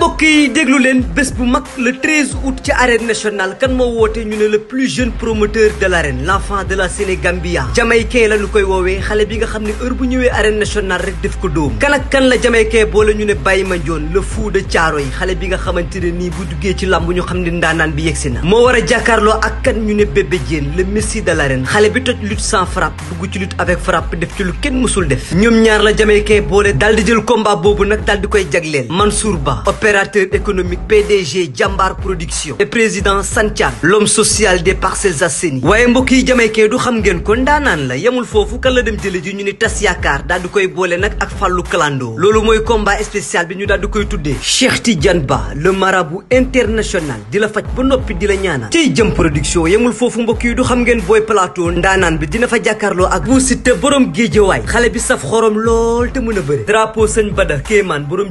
mbokk yi déglu leen bés bu mag la 13 aut ci arène national kan moo woote ñu ne le plus jeune promoteur de l'arène l'enfant de la Sénégambia jamaïcain la ñu koy woowee xale bi nga xam ne heure bu ñëwee arène national rek def ko dóom kan ak kan la jamaïcain boole ñu ne Baye Mandione le fou de Thiaro yi xale bi nga xamante ne nii bu juggee ci làmb ñu xam ne ndaanaan bi yegsi na moo war a jàkkaarloo ak kan ñu ne Bébé Diène le messi de l'arène xale bi toj lutte sans frappe dugg ci lutte avec frappe def ci lu kenn mësul def ñoom ñaar la jamaïcain boole daal di jël combat boobu nag daal di koy jagleel Mansour Ba opérateur économique PDG Jambar Production et président Santian l'homme social des Parcelles Assainies waaye mbokk yi jamaykee du xam ngeen ko ndaanaan la yemul foofu kan la dem jële ji ñu ni tas yaakaar daal di koy boole nag ak fàllu clando loolu mooy komba spécial bi ñu daal di koy tuddee ti jan Ba le marabout international di la faj ba noppi di la ñaanal tey jëm production yamul foofu mbokk yi du xam ngeen booy plateau ndaanaan bi dina fa jàkkaarloo ak bu Siteu borom géejewaay xale bi saf xorom lool te mën a bëri drapeau sëñ Bada Kéemaan borom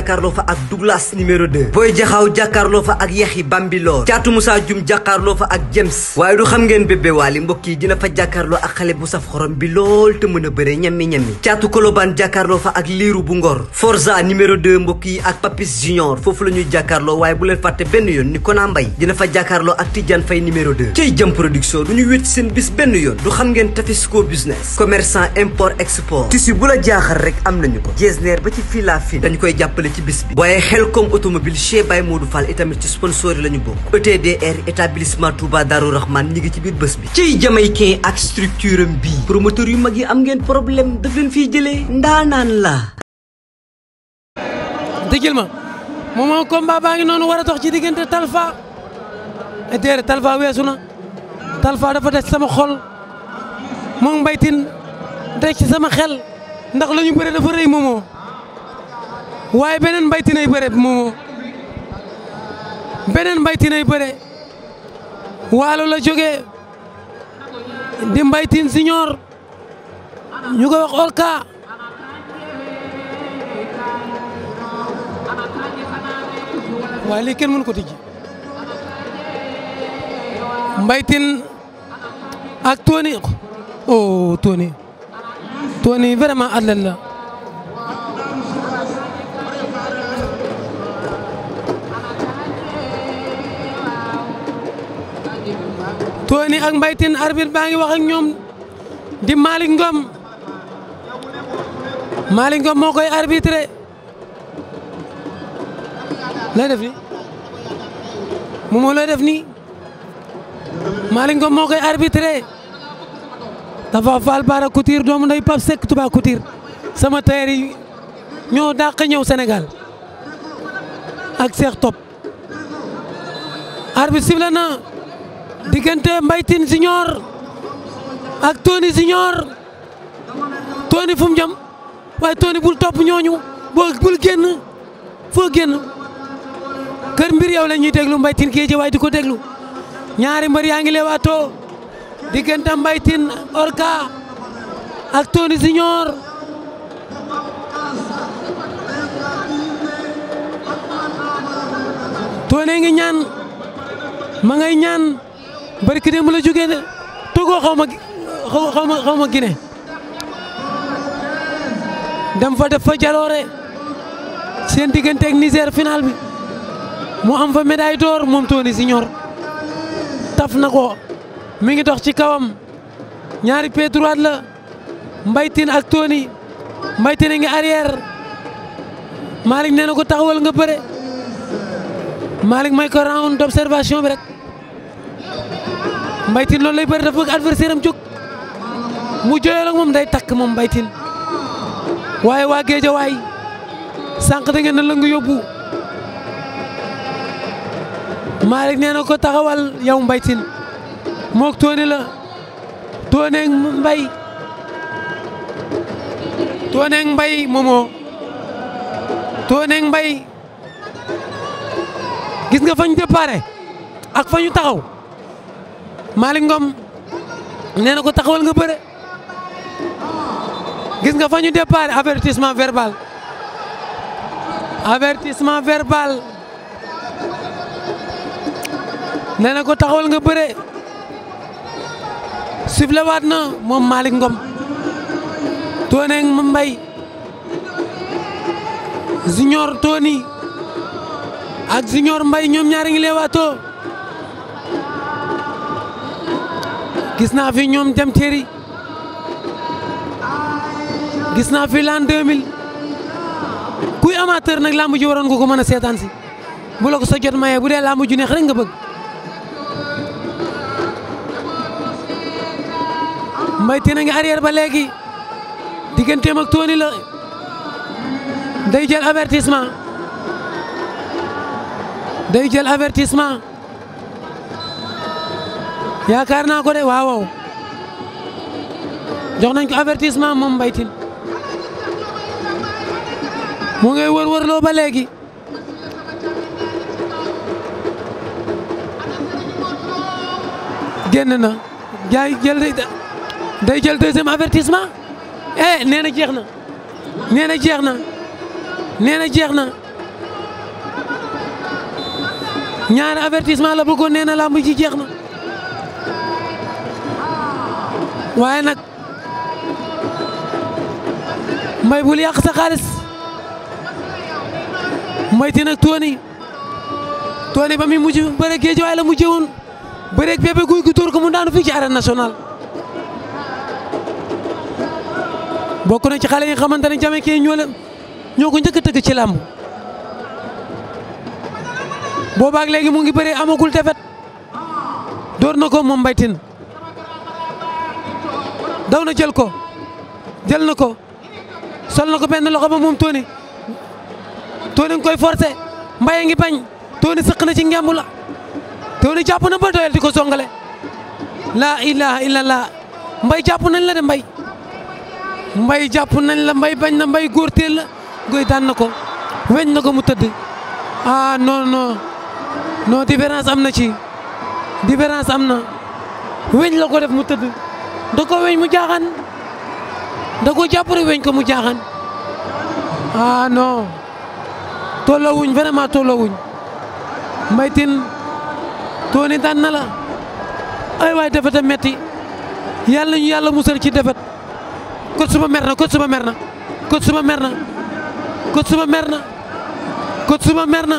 jàkkaarloo fa ak Douglas numéro 2 Boy Jaxaaw jàkkaarloo fa ak Yaxi Bambilor Caatu Moussa Jum jàkkaarloo fa ak James waaye du xam ngeen bébé waali dina fa jàkkaarloo ak xale bu saf xorom bi lool te mën a bëre ñammi-ñammi Caatu Kolobaan jàkkaarloo fa ak Liiru bu Ngor Forza numéro 2 mbokk ak Papis Junior foofu la ñuy jàkkaarloo waaye bu leen fàtte benn yoon ni Kona Mbay dina fa jàkkaarloo ak Tidiane Fay numéro 2 yoon du xam ngeen Tafisco business commerçant ci fii la ci bis bi waaye Xelcom automobile chez Baye Modou Fall itamit ci sponsor yi la ñu bokk ETDR établissement Touba Darou maa ñi ngi ci biir bés bi ciy jamaïcain ak structure am bii promoteur yu mag yi am ngeen problème daf leen fiy ndaa ndaanaan la déggil ma moom combat baa ngi noonu war a dox ci diggante Talfa eh, déedéet Talfa weesu na Talfa dafa des sama xol moom mbaytin rek ci sama xel ndax la ñu bëre dafa rëy moomoo waaye beneen mbaytinay bëre moomoo beneen mbaytinay bëre waalo la jógee di mbaytin siñoor ñu koy wax Orka waaye kenn mënu ko tijji mbaytin ak Tony oh Tony Tony vraiment athlète la Tony ak Mbaye Tine arbitre baa ngi wax ak ñoom di Malick Ngom Malick Ngom moo koy arbitré lay def ni moom moo lay def nii Malick Ngom moo koy arbitré dafa faal baara Couture doomu nday Pape Seck Touba Couture sama tailleur yi ñoo dàq ñëw Sénégal ak Cheikh Top arbitre sifflé diggante mbaytin Tine ak Tony Junior Tony fu mu jëm bul topp ñooñu boo bul génn foo génn kër mbir yow la ñuy déglu mbaytin Tine géej waaye di ko déglu ñaari mbër yaa ngi leewaatoo diggante Mbaye Tine Orka ak Tony Junior Tony ngi ñaan ma ngay bari ki démb la jógee ne Togo xaw ma xaw dem fa def fa jaloore seen diggante ak Niger final bi mu am fa médaille d'or moom Tony Junior taf na ko mi ngi dox ci kawam ñaari pied droit la mbaytin ak Tony Mbaye a ngi arrière Malick nee ko taxawal nga bëre Malick may ko round d'observation bi rek. Mbaye Tine loolu lay bëri dafa bëgg adversaire am jóg mu jëlee ak moom day takk moom Mbaye waaye waa Géeja waay sànq da ngeen na la nga yóbbu Malick nee ko taxawal yow Mbaye Tine moog la toone mbay toone mbay moomoo toone mbay gis nga fañ déparé ak fañu taxaw Malick Ngom nee na ko taxawal nga bëre gis nga fa ñu départ avertissement verbal avertissement verbal nee na ko taxawal nga bëre sifflé waat na moom Malick Ngom Tony Mbaye Junior Tony ak Junior mbay ñoom ñaari ngi leewaatoo gis naa fi ñoom dem Thierry gis naa fi l'an 2000 kuy amateur nag làmb ji waroon nga ko mën a seetaan si bu la ko sa jot mayee bu dee làmb ju neex rek nga bëgg. Mbaye Tine nga ba léegi digganteem ak Tony la day jël avertissement day yaakaar naa ko de waawaw jox nañ ko avertissement moom Mbaye Tine mu ngay wër-wër loo ba léegi génn na jaay jël day jël deuxième avertissement eh nee na jeex na nee na jeex na nee na jeex na ñaari avertissement la bëggoon nee na làmb ji jeex na. waaye nag mbay bul yàq sa xaalis mbayti nag tooni tooni ba muy mujj bëre géej waaye la mujjee woon bëreeg bébé guy gu tóor ko mu daanu fii ci arène nationale. bokk na ci xale yi nga xamante ne jame kee ñoo la njëkk a tëgg ci làmb boobaak léegi mu ngi bëree amagul defet door na ko moom mbaytin daw na jël ko jël na ko sol na ko benn loxo ba moom Tony Tony nga koy mbay a ngi bañ Tony sëq na ci ngemb la Tony jàpp na ba doyal di ko songale laa ilaha illallah mbay jàpp nañ la mbay mbay jàpp nañ la mbay bañ na mbay góor teel la goy daan na ko weñ na ko mu tëdd ah non non non différence am na ci différence am na weñ la ko def mu tëdd da ko weñ mu jaaxaan da ko jàppale weñ ko mu jaaxaan ah non tolloowuñ vraiment tolloowuñ Mbaye Tine tooni daan na la ay waay defet a metti yàlla ñu yàlla musal ci defet ko suma merna na ko suma mer na ko suma mer na ko suma mer na ko suma mer na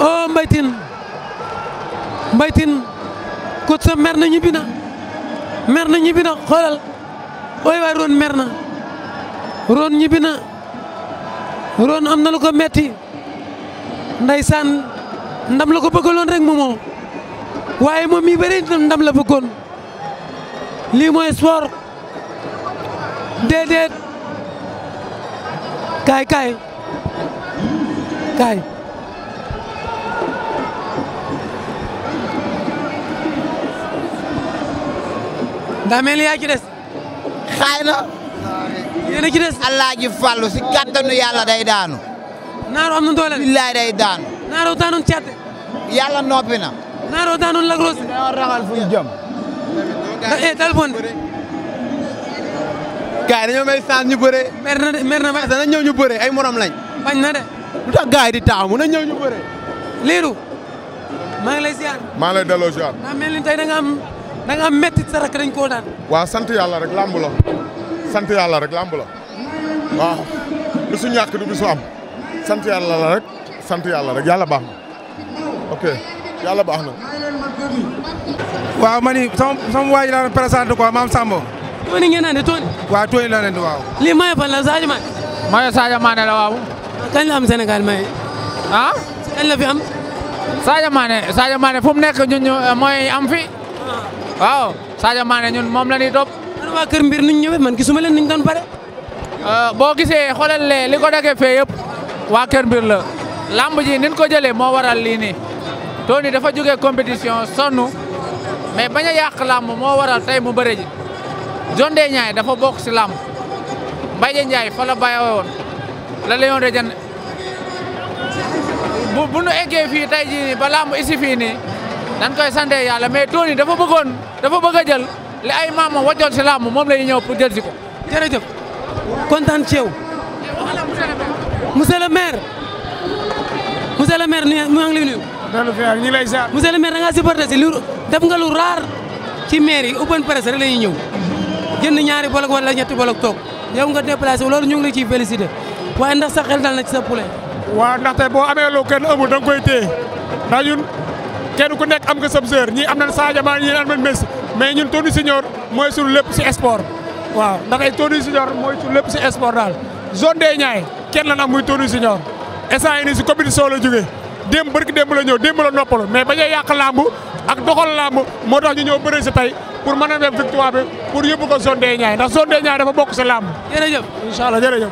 oh coach sa mer na ñibbi na mer na ñibbi na xoolal ooy waay Ron mer Ron ñibbi Ron am na lu ko metti ndeysaan ndam la ko bëggaloon rek moomoo waaye moom mi bëri ndam la bëggoon lii mooy sport déedéet kay kaay kaay ndax mel ni yaa ci des. xaay na. yéen a ci des. Alaaji Fàllu si daanu. Naaro am na doole de. billaay day daanu. Naaro noppi na. Naaro daanu lagros. dañoo ragal fu ñu jëm. eh téléphone na de mer na ba. ay morom lañ. bañ na di taamu na ñëw ñu bëree. liiru maa da nga am métti sa rakk dañ koo daan. waaw sant yàlla rek làmb la sant yàlla rek làmb la waaw bisu ñàkk du bisu am sant yàlla la rek sant yàlla rek yàlla baax na ok yàlla baax na. waaw ma ni sama sama waa ji laa présenté quoi maam Sambo. lii maye fan la Sadio Mané. maye Sadio Mané la waaw. kañ la am Sénégal maye. ah. kañ la am fi. waaw Sadio Mané ñun moom la ñuy topp. waa Kër Mbir nuñ ñëwee man gisuma leen niñ doon bare. Euh, boo gisee xoolal lee li ko dagee yëpp waa Kër Mbir la lamb ji nin ko jëlee moo waral lii nii dafa jógee compétition sonn mais bañ a yàq lamb moo waral tey mu bëre ji John dafa bokk si lamb Mbaye Ndiaye fa woon la Lion bu bu nu fii tey jii nii ba dañ koy sante yàlla mais Tony dafa bëggoon dafa bëgg a jël li ay maamam wàccoon si làmb moom la ñuy ñëw pour jël si ko. jërëjëf kontaan ci yow. monsieur le maire. monsieur le maire ñu ngi lay nuyu. loolu fi ñu ngi lay ziar. monsieur le maire da si lu def nga lu raar ci maire yi open press rek la ñuy ñëw jënd ñaari bolok wala ñetti bolok toog yow nga déplacé wu loolu ñu ngi la ciy félicité waaye ndax sa xel dal na ci sa poulet. waaw ndaxte boo amee lu kenn amul da nga ñun. kenn ku nekk am nga sab seur ñii am nañ Sadio Mané ñii am nañ Messi mais ñun Tony Junior mooy suñu lépp si sport waaw ndax ay Tony Junior mooy suñu lépp si sport daal zone des Niayes kenn lan am muy Tony Junior instant yi nii si compétition la jógee démb barki démb la ñëw démb la noppalu mais bañ a yàq ak doxal làmb moo tax ñu ñëw si tey pour mën a def victoire bi pour yóbbu ko zone des Niayes ndax zone des Niayes dafa bokk si làmb jërëjëf incha allah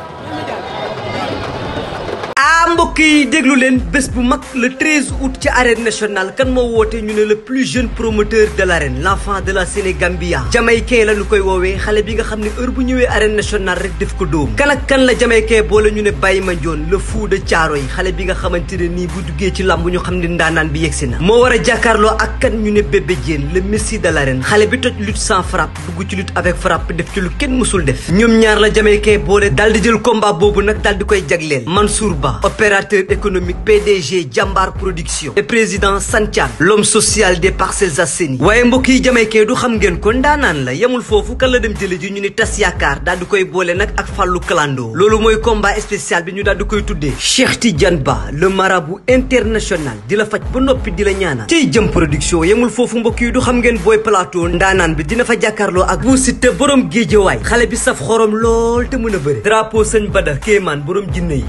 ah mbokk yi déglu leen bés bu mag le 13 aut ci arène national kan moo wootee ñu ne le plus jeune promoteur de l'arène l'enfant de la Sénégambia jamaïcain la ñu koy woowee xale bi nga xam ne heure bu ñëwee arène national rek def ko dóom kan ak kan la jamaïcain boole ñu ne ma Mandione le fou de Thiaro yi xale bi nga xamante ne nii bu duggee ci làmb ñu xam ne ndaanaan bi yegsi na moo war a jàkkaarloo ak kan ñu ne Bébé Diène le messi de xale bi toj lutte sans frappe dugg ci lutte avec def ci lu kenn mësul def ñoom ñaar la jamaïcain boole daal di jël combat boobu nag daal di koy jagleel Mansour Ba Ba opérateur économique PDG Jambar production et président Santian l'homme social des Parcelles Assainies waaye mbokk yi kee du xam ngeen ko ndaanaan la yemul foofu kan la dem jële ji ñu ni tas yaakaar daal di koy boole nag ak fàllu clando loolu mooy komba spécial bi ñu daal du koy tuddee ti jan Ba le marabu international di la faj ba noppi di la ñaanal tey jëm production yemul foofu mbokk yi du xam ngeen booy plateau ndaanaan bi dina fa jàkkaarloo ak bu Siteu borom géejewaay xale bi saf xorom lool te mën a bëri drapeau sëñ Bada Kéemaan borom jinne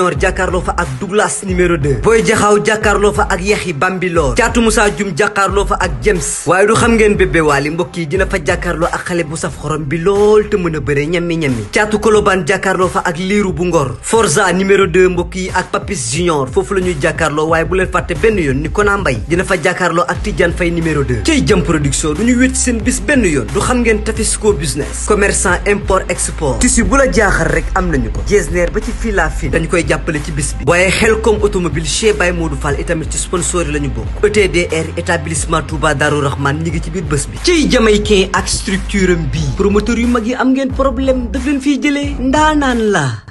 Junior jàkkaarloo fa ak Douglas numéro 2 Boy Jaxaw jàkkaarloo fa ak Yaxi Bambilor Caatu Moussa Dioum jàkkaarloo fa ak James waaye du xam ngeen bébé waali dina fa jàkkaarloo ak xale bu saf xorom bi lool te mën a bëre ñammi-ñammi Caatu Kolobaan jàkkaarloo fa ak Liiru bu Ngor Forza numéro 2 mbokk yi ak Papis Junior foofu la ñuy jàkkaarloo waaye bu leen fàtte benn yoon ni Kona Mbay dina fa jàkkaarloo ak Tidiane Faye numéro 2 cey jëm production du ñu wéet seen bis benn yoon du xam ngeen Tafisco business commerçant import export tissu bu la jaaxal rek am nañu ko jesner ba jàppale ci bis bi waaye Xelcom automobile chez Baye Modou Fall itamit ci sponsor yi la ñu bokk ETDR établissement Touba Darou Rahman ñi ngi ci biir bés bi ciy jamaïcain ak structure am bii promoteur yu mag yi am ngeen problème daf leen fiy jëlee ndaanaan la